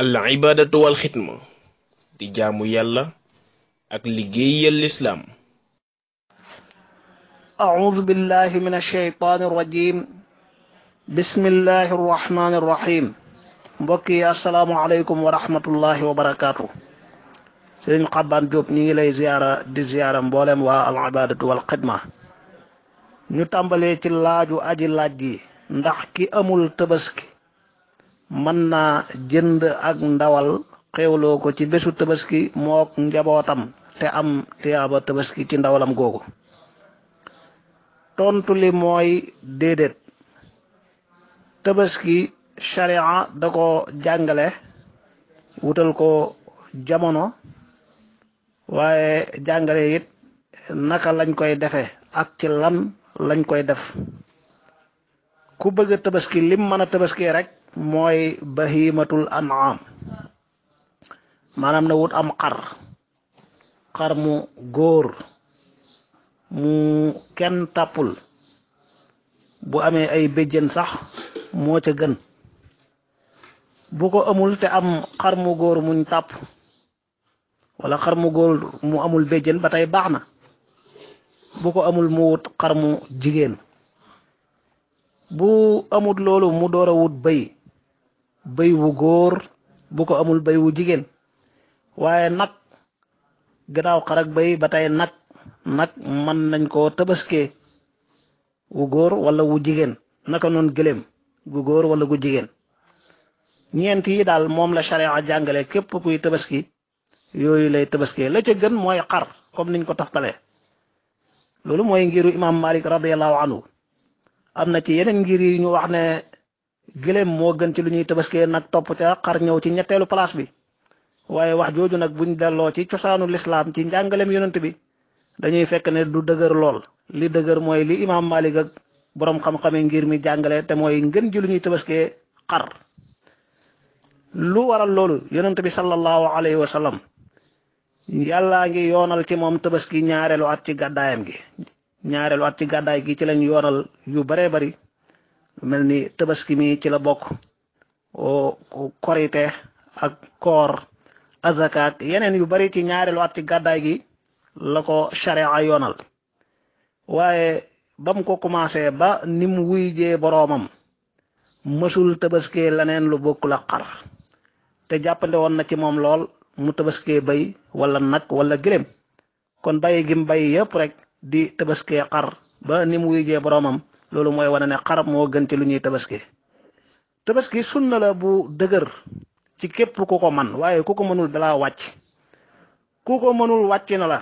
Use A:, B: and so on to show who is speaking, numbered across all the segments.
A: al ibadatu liggéey xidma di jaamu yàlla ak liggéeyal lislaam أعوذ بالله من الشيطان الرجيم بسم الله الرحمن الرحيم mbokki aleykum wa wa barakaatu sëriñ xabbaan Diop ñi ngi lay ziyaara di al ibaadatu wal xidma ñu tàmbalee ci laaju aji laaj yi ndax ki amul tabaski mën naa jënd ak ndawal xewloo ko ci bésu tabaski mook njabootam te am tiyaaba tabaski ci ndawalam googu tontu li mooy déedéet tabaski sharia da ko jàngale wutal ko jamono waaye jàngale it naka lañ koy defee ak ci lan lañ koy def ku bëgg tabaski lim mën a tabaski rek mooy bahimatul an'am maanaam na wut am xar xar mu góor mu kenn tàppul bu amee ay béjjën sax moo ca gën bu ko amul te am xar mu góor muñ tàpp wala xar mu góor mu amul béjjën ba tey baax na bu ko amul mu wut xar mu jigéen bu amut loolu mu door a wut bëy bay wu góor bu ko amul bay wu jigéen waaye nag gannaaw xar bay ba tey nag nag man nañ ko tabaskee wu góor wala wu jigéen naka noon gëléem gu góor wala gu jigéen ñeent yi daal moom la sharia jàngale képp kuy tabaski yooyu lay tabaskee la ca gën mooy xar comme niñ ko taftalee loolu mooy ngiru imam malik radiallahu anhu am na ci yeneen ngir yi ñu wax ne gëléem moo gën ci lu ñuy tabaskee nag topp ca xar ñëw ci ñetteelu palaas bi waaye wax jooju nag buñ delloo ci cosaanu lislaam ci njàngaleem yonent bi dañuy fekk ne du dëgër lool li dëgër mooy li imaam Malik ak boroom xam-xame ngir mi jàngale te mooy ngën ji lu ñuy tabaskee xar lu waral loolu yonent bi sallallahu alayhi wa sallam yàllaa ngi yoonal ci moom tabaski ñaareelu at ci gàddaayam gi ñaareelu at ci gàddaay gi ci lañ yoonal yu baree bari mel ni tabaski mi ci la bokk korite ak koor azaka yeneen yu bari ci ñaareelu at ci gàddaay gi la ko sharia yoonal waaye ba mu ko commencé ba ni mu wuy jee boroomam mësul tabaskee leneen lu bokkul ak xar te jàppande woon na ci moom lool mu tabaskee bay wala nag wala gëléem kon bàyyi gim bàyyi yépp rek di tabaskee xar ba ni mu wuy jee boroomam loolu mooy wane ne xarab moo gën ci lu ñuy tabaski tabaski sunna la bu dëgër ci képp ku ko man waaye ku ko mënul dalaa wàcc ku ko mënul wàcc na la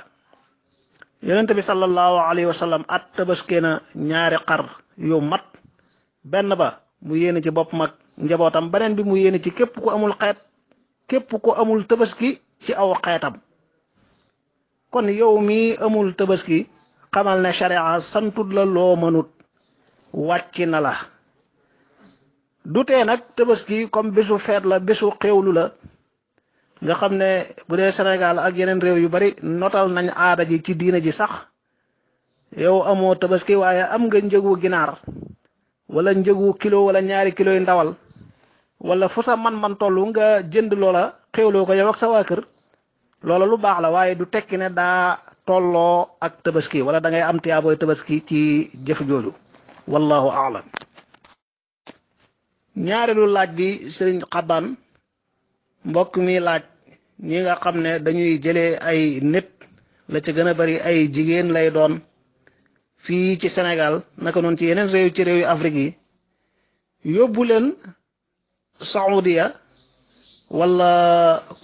A: yonent bi sallallahu alayhi wa sallam at tabaskee na ñaari xar yu mat benn ba mu yéene ci bopp mag njabootam beneen bi mu yéene ci képp ko amul xeet képp ko amul tabaski ci aw xeetam kon yow mi amul tabaski xamal ne sharia santut la loo mënut wàcc na la du tee nag tabaski comme bésu feet la bésu xéwlu la nga xam ne bu dee senegal ak yeneen réew yu bari notal nañ aada ji ci diina ji sax yow amoo tabaski waaye am nga njëgu ginaar wala njëgu kilo wala ñaari kilo yu ndawal wala fu sa man-man toll nga jënd loola xéwloo ko yow ak sa waa kër loola lu baax la waaye du tekki ne daa tolloo ak tabaski wala dangay am tiyaabooy tabaski ci jëf jooju. wallahu aalam ñaareelu laaj bi sëriñ xaban mbokk mi laaj ñi nga xam ne dañuy jëlee ay nit la ci gën a bari ay jigéen lay doon fii ci senegal naka noonu ci yeneen réew ci réew yi Afrique yi yóbbu leen Saudiya wala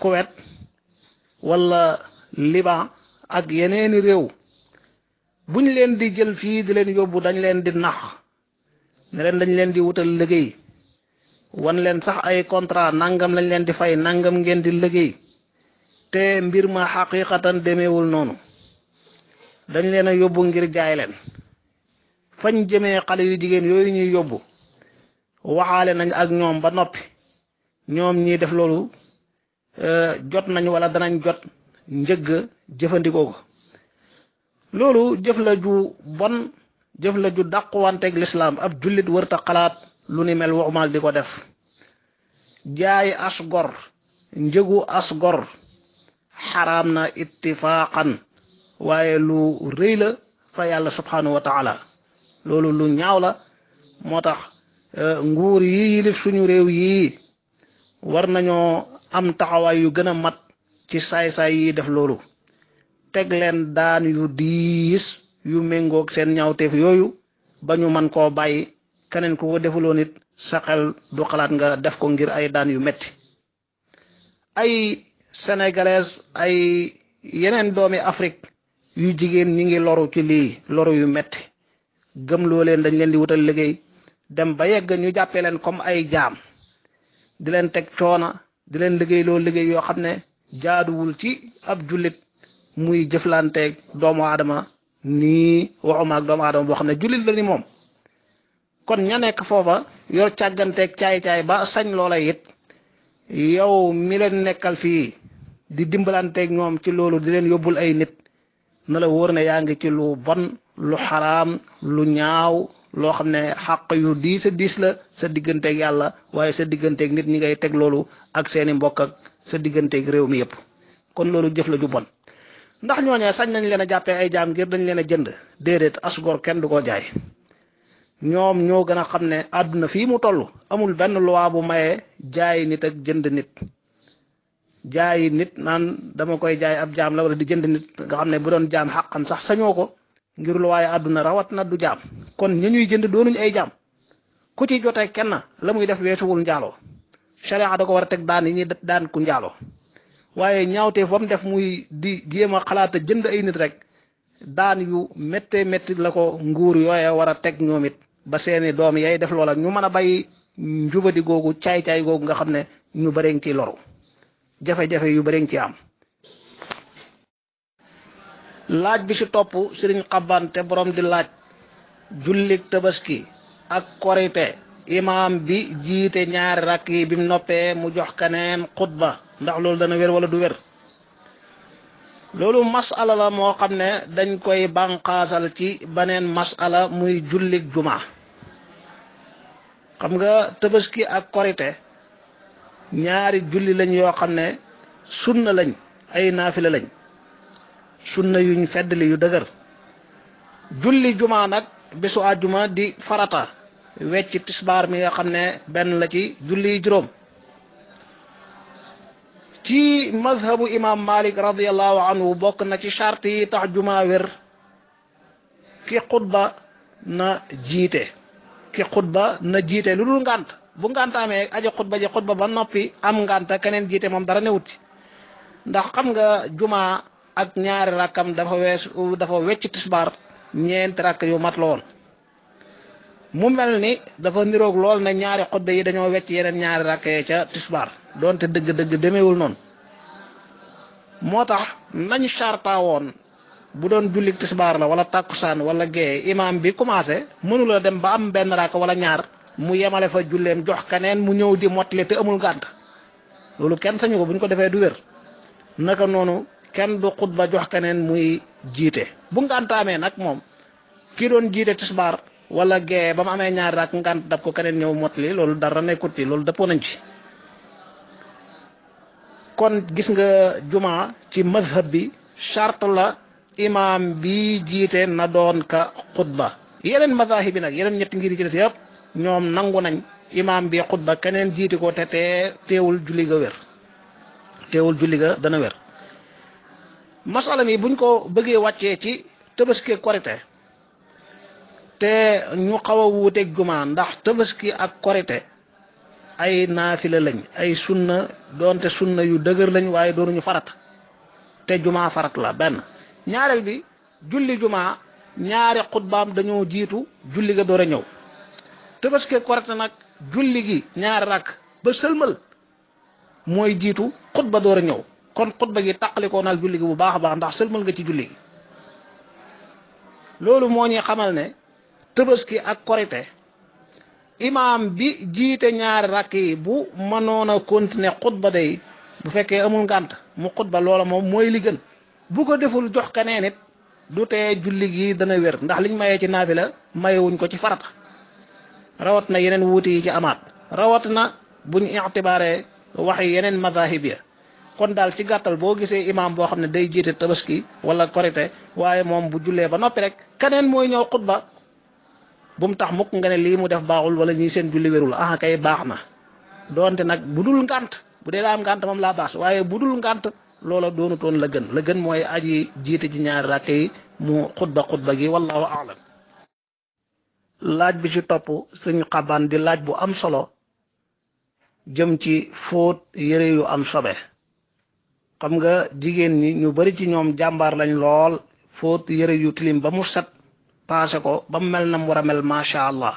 A: Kuwait wala Liban ak yeneeni réew buñ leen di jël fii di leen yóbbu dañ leen di nax ne dañ leen di wutal liggéey wan leen sax ay contrat nangam lañ leen di fay nangam ngeen di léggéey te mbir ma xaqiqatan demeewul noonu dañ leen a yóbbu ngir jaay leen fañ jëmee xale yu jigéen yooyu ñuy yóbbu waxaale nañ ak ñoom ba noppi ñoom ñiy def loolu euh, jot nañ wala danañ jot njëgg jëfandikoo ko loolu jëf ju bon jëf la ju dàquwanteeg lislaam ab jullit wërta xalaat lu ni mel waxumaal di ko def jaay as gor njëgu as gor xaraam na ittifaaqan waaye lu rëy la fa yàlla subhaanahu wa loolu lu ñaaw la moo tax euh, nguur yi yilif suñu réew yii war nañoo am taxawaay yu gën a mat ci saay-saay yi def loolu teg leen daan yu diis yu méngoog seen ñaawteef yooyu ba ñu mën koo bàyyi keneen ku ko defuloo nit sa xel du xalaat nga def ko ngir ay daan yu metti ay senegalees ay yeneen doomi Afrique yu jigéen ñi ngi loru ci lii loru yu metti gëm loo leen dañ leen di wutal liggéey dem ba yegg ñu jàppee leen comme ay jaam di leen teg coona di leen liggéey loo liggéey yoo xam ne jaaduwul ci ab jullit muy jëflanteeg doomu aadama nii waxuma ak doomu aadama boo xam ne jullit la ni moom kon ña nekk foofa yor càgganteeg caay-caay ba sañ loola it yow mi leen nekkal fii di dimbalanteeg ñoom ci loolu di leen yóbbul ay nit na la wóor ne yaa ngi ci lu bon lu xaraam lu ñaaw loo xam ne xaq yu diis a diis la sa digganteeg yàlla waaye sa digganteek nit ñi ngay teg loolu ak seeni mbokk ak sa digganteeg réew mi yépp kon loolu jëf la ju bon ndax ñooñee sañ nañ leen a jàppee ay jaam ngir dañ leen a jënd déedéet asgor kenn du ko jaay ñoom ñoo gën a xam ne àdduna fii mu toll amul benn loi bu mayee jaay nit ak jënd nit jaay nit naan dama koy jaay ab jaam la wala di jënd nit nga xam ne bu doon jaam xàqam sax sañoo ko ngir luwaaye àdduna rawat na du jaam kon ña ñuy jënd doonuñ ay jaam ku ci jotee kenn la muy def weesuwul njaaloo sharia da ko war a teg daan yi ñuy daan ku njaalo waaye ñaawtee fa mu def muy di jéem a xalaat a jënd ay nit rek daan yu méttee métti la ko nguur yooye war a teg ñoom it ba seeni doom yay def loola ñu mën a bàyyi njubadi googu caay-caay googu nga xam ne ñu bëriñ ci loru jafe-jafe yu bëriñ ci am laaj bi ci topp sëriñ xaban te borom di laaj jullik tabaski ak korite imaam bi jiite ñaari rakk yi bi mu noppee mu jox keneen xutba ndax loolu dana wér wala du wér loolu masala la moo xam ne dañ koy bànqaasal ci beneen masala muy jullik juma xam nga tabaski ak korite ñaari julli lañ yoo xam ne sunna lañ ay naafila lañ sunna yuñ feddli yu dëgër julli juma nag bésu àjjuma di farata wecc tisbaar mi nga xam ne benn la ci julli juróom ci mazhabu imam malik radiallahu anhu bokk na ci charte yi tax juma wér ki xutba na jiite ki xutba na jiite lu dul ngànt bu ngànt amee aji xutba ji xutba ba noppi am ngànta keneen jiite moom dara newut ci ndax xam nga juma ak ñaari rakkam dafa wees dafa wecc tisbaar ñeenti rakk yu mat la woon mu mel ni dafa niroog lool na ñaari xutba yi dañoo wecc yeneen ñaari rakk yi ca tisbaar doonte dëgg-dëgg demeewul noonu moo tax nañ charta woon bu doon jullik tisbaar la wala tàkkusaan wala gee imaam bi commencé mënula dem ba am benn ràkk wala ñaar mu yemale fa julleem jox keneen mu ñëw di mottali te amul gànt loolu kenn sañu ko bu ñu ko defee du wér naka noonu kenn du xutba jox keneen muy jiite bu ngàntaamee nag moom ki doon jiite tisbaar wala gee ba mu amee ñaari raak ngant dab ko keneen ñëw motli loolu dara nekkut ci loolu dëppoo nañ ci kon gis nga juma ci mazhab bi charte la imaam bi jiite na doon ka xutba yeneen mazahib bi nag yeneen ñetti ngir ci des yëpp ñoom nangu nañ imaam bi xutba keneen jiite ko te tee teewul julli ga wér teewul julli ga dana wér masala mi buñ ko bëggee wàccee ci tëbaski korite te ñu xaw a wuuteeg jumaa ndax tabaski ak korite ay naafila lañ ay sunna doonte sunna yu dëgër lañ waaye doonuñu farat te jumaa farat la benn ñaareel bi julli jumaa ñaari xutbaam dañoo jiitu julli ga door a ñëw tabaski korite nag julli gi ñaari rakk ba sëlmal mooy jiitu xutba door a ñëw kon xutba gi tàqalikoo naag julli gi bu baax a baax ndax sëlmal nga ci julli gi loolu moo ñuy xamal ne tëbaski ak korite imaam bi jiite ñaari rakk yi bu mënoon a continuer xutba day bu fekkee amul ngànt mu xutba loola moom mooy li gën bu ko deful jox keneen it du te julli gi dana wér ndax liñ mayee ci la mayewuñ ko ci farata rawat na yeneen wuuti yi ci amaat rawat na buñ itibaaree waxi yeneen madahib ya kon daal ci gàttal boo gisee imaam boo xam ne day jiite tabaski wala korite waaye moom bu jullee ba noppi rek keneen mooy ñëw xutba bu mu tax mukk nga ne lii mu def baaxul wala ñii seen julli wérul ah baax na doonte nag bu dul ngànt bu dee daa am ngant moom laa baas waaye bu dul ngànt loola toon la gën la gën mooy aji jiite ci ñaari rakk yi mu xutba xutba gi wallahu aalam laaj bi ci topp sëñ xaban di laaj bu am solo jëm ci fóot yére yu am sobe xam nga jigéen ñi ñu bari ci ñoom jàmbaar lañ lool fóot yëre yu tilim ba mu set paase ko ba mel na mu war a mel macha allah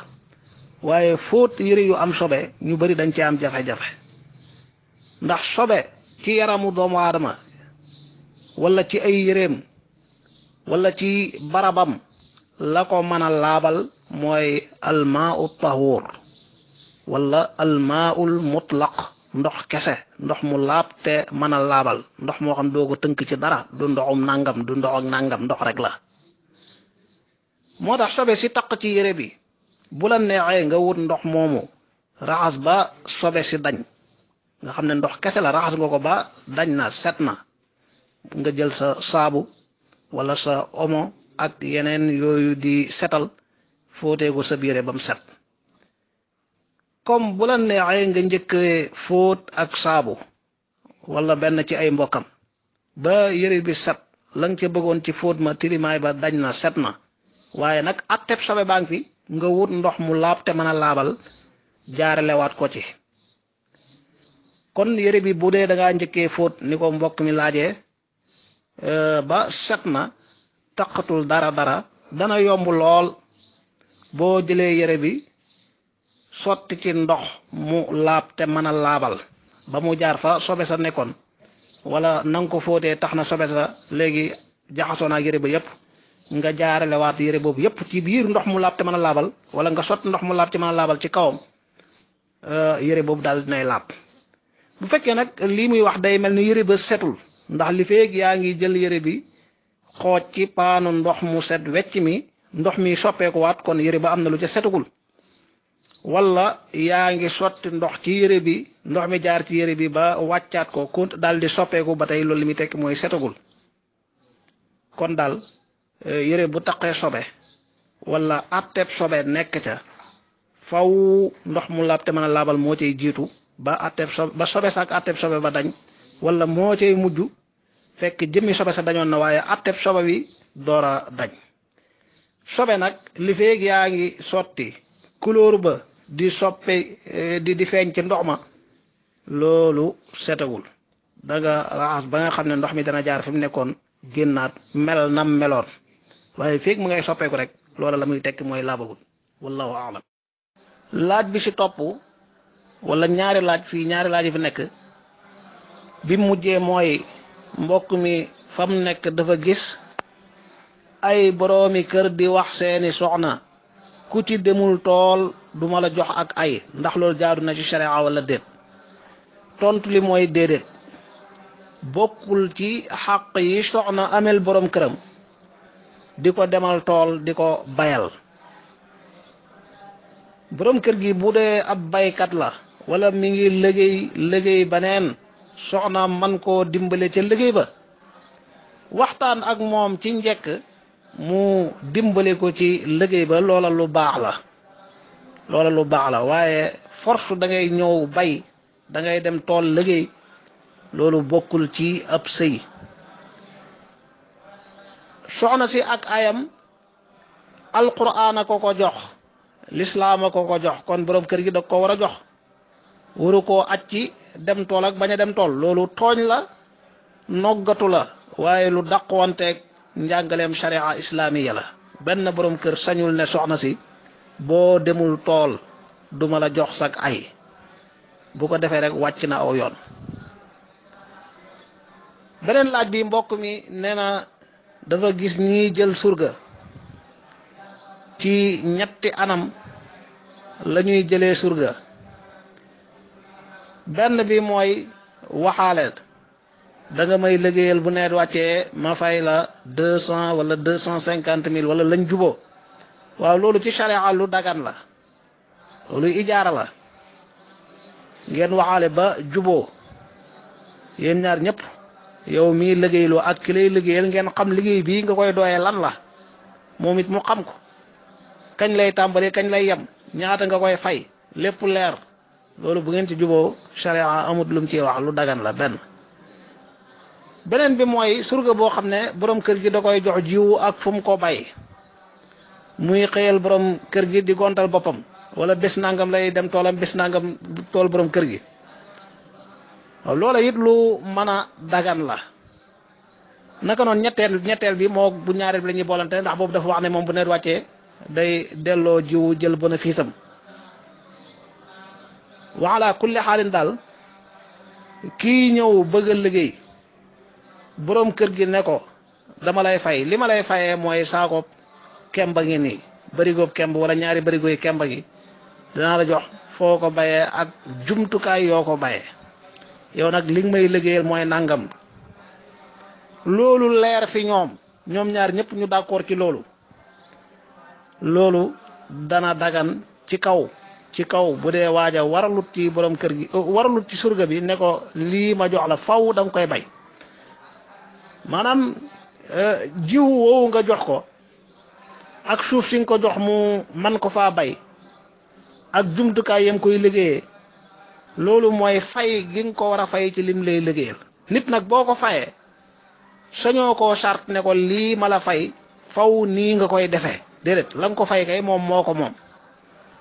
A: waaye fóot yére yu am sobe ñu bari dañ ci am jafe-jafe ndax sobe ci yaramu doomu aadama walla ci ay yéreem wala ci barabam la ko mën a laabal mooy almaa u tahuur wala almaa ul mutlaq ndox kese ndox mu laab te mën a laabal ndox moo xam doo ko tënk ci dara du ndoxum nàngam du ndox ak nàngam ndox rek la moo tax sobe si taq ci yére bi bu la neexee nga wut ndox moomu raxas ba sobe si dañ nga xam ne ndox kese la raxas nga ko ba dañ na set na nga jël sa saabu wala sa omo ak yeneen yooyu di setal fóotee ko sa yére ba mu set comme bu la neexee nga njëkkee fóot ak saabu wala benn ci ay mbokkam ba yére bi set la nga ca bëggoon ci fóot ma tilimaay ba dañ na set na waaye nag atteb sobe baa ngi si nga wut ndox mu laab te mën a laabal jaarelewaat ko ci kon yére bi bu dee da ngaa njëkkee fóot ni ko mbokk mi laajee euh, ba set na taqatul dara dara dana yomb lool boo jëlee yére bi sotti ci ndox mu laab te mën a laabal ba mu jaar fa sobe sa nekkoon wala nanga ko fóotee tax na sobe sa léegi jaxasoo naa yére ba yépp nga jaarale waat yére boobu yépp ci biir ndox mu laab te mën a laabal wala nga sot ndox mu laab te mën laabal ci kawam euh, yére boobu daal dinay laab bu fekkee nag lii muy wax day mel ni yére ba setul ndax li feeg yaa ngi jël yére bi xooj ci paanu ndox mu set wecc mi ndox mi soppeekuwaat waat kon yére ba am na lu ca setagul wala yaa ngi sotti ndox ci yére bi ndox mi jaar ci yére bi ba wàccaat ko kont daal soppeeku ba tey loolu li muy tekk mooy setagul kon yére bu taqee sobe wala atteeb sobe nekk ca faw ndox mu laab te mën a laabal moo cay jiitu ba atteeb sobe ba sobe saak sobe ba dañ wala moo cay mujj fekk jëmmi sobe sa dañoon na waaye atteeb sobe wi doora a dañ sobe nag li feeg yaa ngi sotti couleur ba di soppe eh, di di feeñ ci ndox ma loolu setewul danga raxas ba nga xam ne ndox mi dana jaar fi mu nekkoon génnaat mel nam meloon waaye feeg mu ngay soppeeku rek loola la muy tekki mooy laabagul wallahu aalam laaj bi ci topp walla ñaari laaj fii ñaari laaj fi nekk bi mujjee mooy mbokk mi fam nekk dafa gis ay boroomi kër di wax seeni soxna ku ci demul tool duma la jox ak ay ndax loolu jaaru na ci sharia wala déet tontu li mooy déedéet bokkul ci xàq yi soxna ameel boroom këram di ko demal tool di ko bayal boroom kër gi bu dee ab baykat la wala mi ngi liggéey liggéey baneen soxna man koo dimbale ca liggéey ba waxtaan ak moom ci njëkk mu dimbale ko ci liggéey ba loola lu baax la loola lu baax la waaye forse da ngay ñëw bay dangay dem tool liggéey loolu bokkul ci ab sëy soxna si ak ayam alquraan a ko ko jox lislaam a jox kon borom kër gi da koo war jox waru koo aj ci dem tool ak baña dem tool loolu tooñ la noggatu la waaye lu daq dàqwanteeg njàngaleem sharia islaamiya la benn borom kër sañul ne soxna si boo demul tool duma la jox sak ay bu ko defee rek wàcc na aw yoon beneen laaj bi mbokk mi nee dafa gis ñiy jël surga ci ñetti anam lañuy jëlee surga benn bi mooy waxaaleel danga may liggéeyal bu ne wàccee ma fay la deux cent wala deux cent cinquante mille wala lañ juboo waaw loolu ci sharia lu dagan la loolu ijaara la ngeen waxaale ba juboo yéen ñaar ñëpp yow mii liggéeyloo ak kiloy lay ngeen xam liggéey bii nga koy dooyee lan la moom it mu xam ko kañ lay tàmbalee kañ lay yem ñaata nga koy fay lépp leer loolu bu ngeen ci juboo sharia amut lu ci ciy wax lu dagan la benn beneen bi mooy surga boo xam ne borom kër gi da koy jox jiwu ak fu mu ko bàyyi muy xëyal borom kër gi di gontal boppam wala bés nangam lay dem toolam bés nangam tool borom kër gi. waaw loola it lu mën a dagan la naka noonu ñetteel ñetteel bi moo bu ñaareel bi lañuy ñuy boolante ndax boobu dafa wax ne moom bu nawet wàccee day delloo jiwu jël bénéfice am waala kulli xaalin daal kii ñëw bëgg a liggéey boroom kër gi ne ko dama lay fay li ma lay fayee mooy saakoob kemba ngi nii barigob kemb wala ñaari barigo yi kemba gi danaa la jox foo ko bayee ak jumtukaay yoo ko bayee yow nag li nga may liggéeyal mooy nangam loolu leer fi ñoom ñoom ñaar ñëpp ñu d'accord ci loolu loolu dana dagan ci kaw ci kaw bu dee waaja a ci borom kër gi waralut ci surga bi ne ko lii ma jox la faw danga koy bay maanaam euh, jiwu woowu nga jox ko ak suuf si nga ko jox mu man ko faa bay ak jumtukaay yam koy liggéeyee loolu mooy fay gi ko war a fay ci lim lay liggéeyal nit nag boo ko fayee sañoo koo sart ne ko lii ma la fay faw nii nga koy defee déedéet la nga ko fay kay moom moo ko moom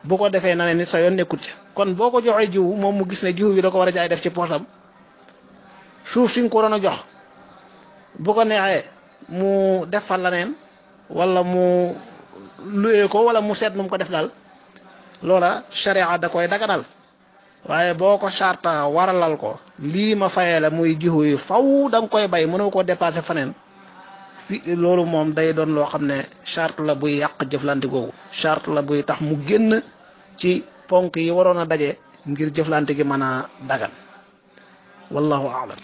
A: bu ko defee na ne nit sa yoon nekkut ca kon boo ko joxee jiw moom mu gis ne jiw bi da ko war a jaay def ci poosam suuf si nga a jox bu ko neexee mu def fa leneen wala mu luyee ko wala mu seet nu ko def daal loola sharia da koy daganal waaye boo ko charta waralal ko lii ma fayee la muy jiwu yi faw da koy bay mënoo koo dépassé feneen fi loolu moom day doon loo xam ne charte la buy yàq jëflante googu charte la buy tax mu génn ci ponk yi waroon a daje ngir jëflante gi mën a dagan wallahu aalam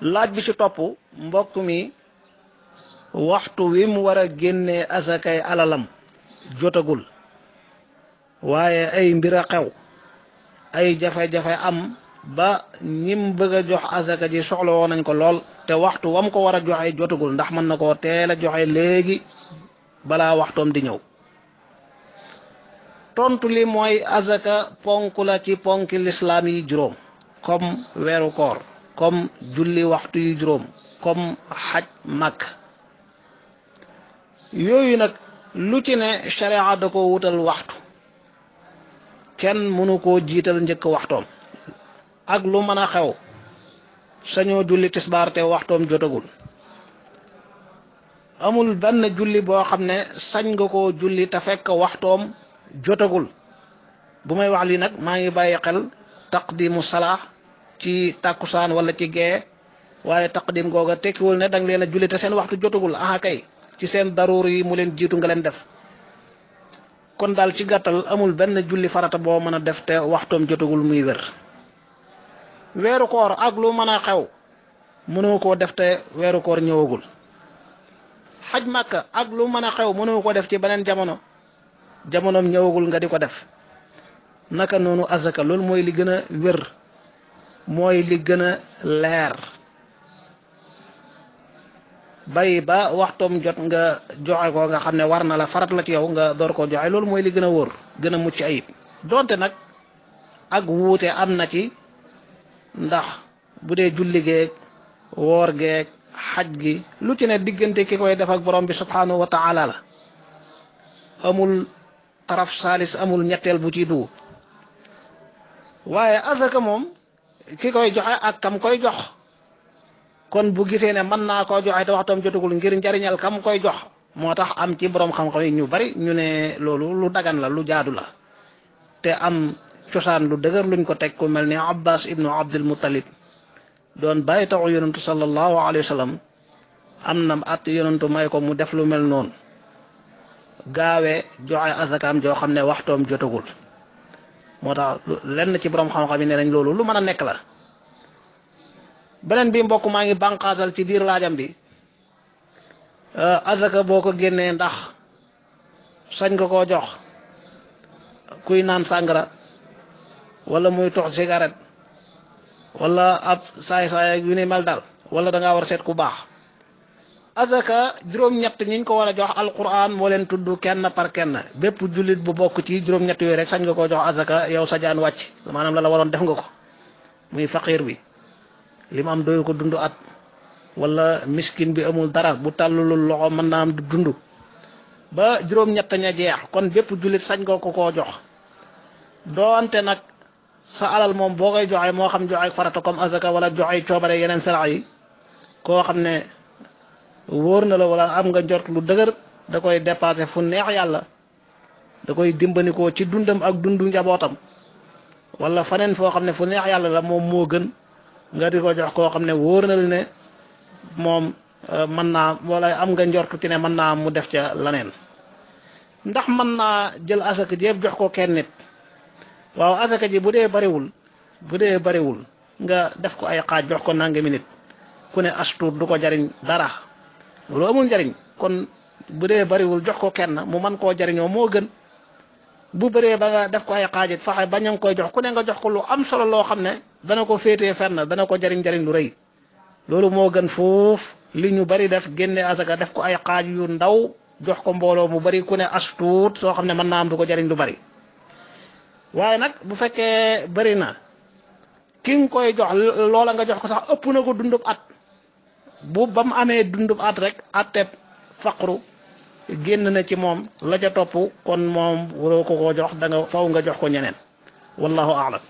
A: laaj bi ci topp mbokk mi waxtu wi mu war a génnee asakay alalam jotagul waaye ay mbir a xew ay jafe-jafe am ba ñim bëgg a jox asaka ji soxla woon nañ ko lool te waxtu wam ko war a joxe jotagul ndax mën na koo teel a joxe léegi balaa waxtoom di ñëw tontu li mooy azaka ponk ci ponki lislaam yi juróom comme weeru koor comme julli waxtu yu juróom comme xaj mag yooyu nag lu ci ne sharia da ko wutal waxtu kenn mënu koo jiital njëkk waxtoom ak lu mën a xew sañoo julli tisbaar te waxtoom jotagul amul benn julli boo xam ne sañ nga ko julli te fekk waxtoom jotagul bu may wax lii nag maa ngi bàyyi xel taqdimu salaa ci saan wala ci gee waaye taqdim googa tekkiwul ne danga leen a julli te seen waxtu jotagul aha kay ci seen daruur yi mu leen jiitu nga leen def kon daal ci gàttal amul benn julli farata boo mën a def te waxtoom jotagul muy wér weeru koor ak lu mën a xew mënoo koo def te weeru koor ñëwagul xaj màkka ak lu mën a xew mënoo ko def ci beneen jamono jamonoom ñëwagul nga di ko def naka noonu azaka loolu mooy li gën a wér mooy li gën a leer bàyyi ba waxtoom jot nga joxe ko nga xam ne war na la farat la ci yow nga door koo joxe loolu mooy li gën a wóor gën a mucc ayib donte nag ak wuute am na ci ndax bu dee julli geeg woor geeg xaj gi lu ci ne diggante ki koy def ak borom bi subhanahu wa la amul taraf saalis amul ñetteel bu ci dugg waaye azaka moom ki koy joxe ak kam koy jox kon bu gisee ne mën naa koo joxe te waxtoom jotugul ngir njariñal kam koy jox moo tax am ci borom xam-xam yi ñu bari ñu ne loolu lu dagan la lu jaadu la te am cosaan lu dëgër luñ ko teg ku mel ne abbas ibnu abdul muttalib doon bàyyi taxu yonentu sallallahu alayhi wa sallam am na at yonentu may ko mu def lu mel noonu gaawee joxe asakaam joo xam ne waxtoom jotagul moo tax lenn ci borom xam-xam yi ne nañ loolu lu mën a nekk la beneen bi mbokk maa ngi bànqaasal ci biir laajam bi euh, azaka boo ko génnee ndax sañ nga koo jox kuy naan sàngara wala muy tox cigarette wala ab saay-saay ak yu ne mel daal wala da ngaa war a seet ku baax azaka juróom-ñett ñiñ ko war a jox alquran moo leen tudd kenn par kenn bépp jullit bu bokk ci juróom-ñett yooyu rek sañ nga koo jox azaka yow sa jaan wàcc maanaam la la waroon def nga ko muy faqir bi li mu am doyu ko dund at walla miskin bi amul dara bu tàllulul loxo mën naa am du dund ba juróom-ñett ña jeex kon bépp jullit sañ nga ko koo jox doonte nag sa alal moom boo koy joxe moo xam joxe farata comme azaka wala joxe coobare yeneen sarax yi koo xam ne wóor na la wala am nga jot lu dëgër da koy dépassé fu neex yàlla da koy dimbani dimbanikoo ci dundam ak dundu njabootam wala faneen foo xam ne fu neex yàlla la moom moo gën nga di ko jox koo xam ne wóor na la ne moom euh, mën naa wala am nga njortu ci ne mën naa mu def ca leneen ndax mën naa jël asaka jépp jox ko kenn nit waaw asaka ji bu dee bariwul bu dee bariwul nga def ko ay xaaj jox ko nangami nit ku ne astuur du ko jariñ dara loolu amul njariñ kon bu dee bariwul jox ko kenn mu mën koo jariñoo moo gën bu baree ba nga def ko ay xaajit faxe bañ a koy jox ku ne nga jox ko lu am solo loo xam ne dana ko féetee fenn dana ko jariñ jariñ lu rëy loolu moo gën foofu li ñu bari def génne asaka def ko ay xaaj yu ndaw jox ko mbooloo mu bari ku ne as tuut soo xam ne mën naa am du ko jariñ lu bari waaye nag bu fekkee bari na ki koy jox loola nga jox ko sax ëpp na ko dundub at bu ba mu amee dundub at rek atteb faqru génn na ci moom la ca topp kon moom waroo ko koo jox da nga faw nga jox ko ñeneen wallahu aalam